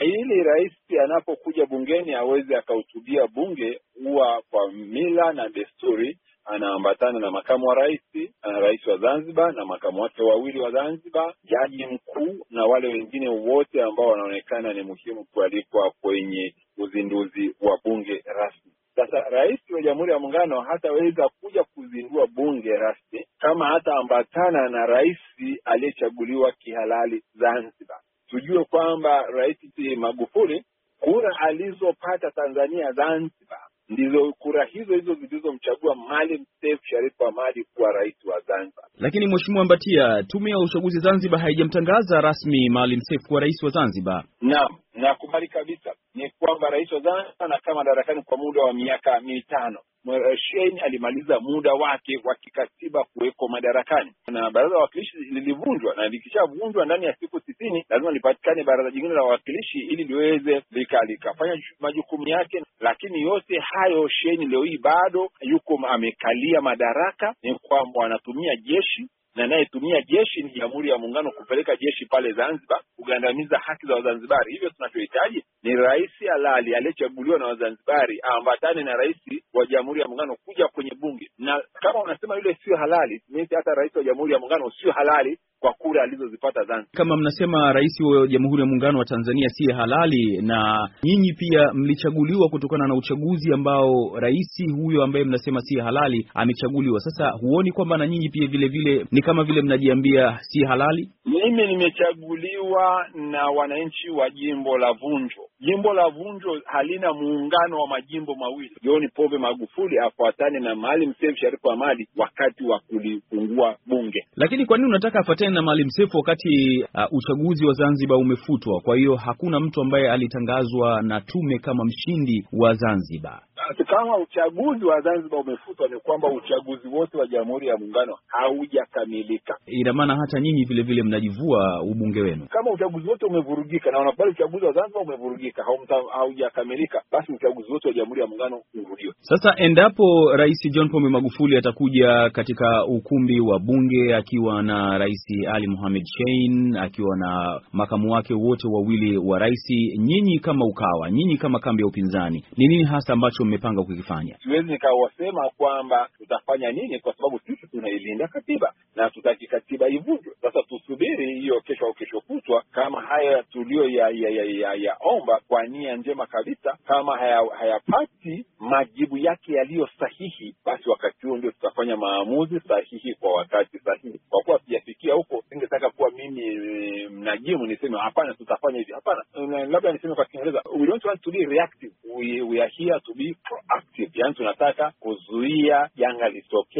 ili rais anapokuja bungeni aweze akahutubia bunge, huwa kwa mila na desturi anaambatana na makamu wa rais na rais wa Zanzibar na makamu wake wawili wa Zanzibar, jaji mkuu na wale wengine wote ambao wanaonekana ni muhimu kualikwa kwenye uzinduzi wa bunge rasmi. Sasa rais wa Jamhuri ya Muungano hataweza kuja kuzindua bunge rasmi kama hataambatana na rais aliyechaguliwa kihalali Zanzibar tujue kwamba Rais Magufuli kura alizopata Tanzania Zanzibar ndizo kura hizo hizo zilizomchagua Maalim Seif Sharif Hamad kuwa rais wa Zanzibar. Lakini Mheshimiwa Mbatia, tume ya uchaguzi Zanzibar haijamtangaza rasmi Maalim Seif kuwa rais wa Zanzibar. Naam, nakubali kabisa, ni kwamba rais wa Zanzibar anakaa madarakani kwa muda wa miaka mitano. Shein alimaliza muda wake wa kikatiba kuweko madarakani na baraza la wawakilishi lilivunjwa, na likishavunjwa ndani ya siku sitini lazima lipatikane baraza jingine la wawakilishi ili liweze likafanya majukumu yake. Lakini yote hayo Shein leo hii bado yuko amekalia madaraka, ni kwamba anatumia jeshi na anayetumia jeshi ni Jamhuri ya Muungano kupeleka jeshi pale Zanzibar kugandamiza haki za Wazanzibari. Hivyo tunachohitaji ni rais halali aliyechaguliwa na Wazanzibari aambatane na rais wa Jamhuri ya Muungano kuja kwenye bunge, na kama unasema yule sio halali, mimi hata rais wa Jamhuri ya Muungano sio halali kwa kura alizozipata Zanzibar. Kama mnasema rais wa Jamhuri ya Muungano wa Tanzania si halali, na nyinyi pia mlichaguliwa kutokana na uchaguzi ambao rais huyo ambaye mnasema si halali amechaguliwa. Sasa huoni kwamba na nyinyi pia vile vile ni kama vile mnajiambia si halali? Mimi nimechaguliwa na wananchi wa jimbo la Vunjo. Jimbo la Vunjo halina muungano wa majimbo mawili. John Pombe Magufuli afuatane na Maalim Seif Sharif Hamad wakati wa kulifungua bunge. Lakini kwa nini unataka afuatane Hussein na Maalim Seif wakati uh, uchaguzi wa Zanzibar umefutwa, kwa hiyo hakuna mtu ambaye alitangazwa na tume kama mshindi wa Zanzibar kama uchaguzi wa Zanzibar umefutwa, ni kwamba uchaguzi wote wa Jamhuri ya Muungano haujakamilika. Ina maana hata nyinyi vile vile mnajivua ubunge wenu. Kama uchaguzi wote umevurugika na wanakubali uchaguzi wa Zanzibar umevurugika, haujakamilika, basi uchaguzi wote wa Jamhuri ya Muungano urudiwe. Sasa endapo Rais John Pombe Magufuli atakuja katika ukumbi wa Bunge akiwa na Rais Ali Mohamed Shein akiwa na makamu wake wote wawili wa rais, nyinyi kama UKAWA, nyinyi kama kambi ya upinzani, ni nini hasa ambacho mlipanga kukifanya? Siwezi nikawasema kwamba tutafanya nini, kwa sababu sisi tunailinda katiba na tutaki katiba ivunjwe. Sasa tusubiri hiyo kesho au kesho kutwa, kama haya ya kwa nia njema kabisa, kama hayapati haya majibu yake yaliyo sahihi, basi wakati huo ndio tutafanya maamuzi sahihi kwa wakati sahihi. Kwa kuwa sijafikia huko, singetaka kuwa mimi mnajimu niseme hapana, tutafanya hivi, hapana. Labda niseme kwa Kiingereza, we don't want to be reactive, we, we are here to be proactive, yani tunataka kuzuia janga lisitokee.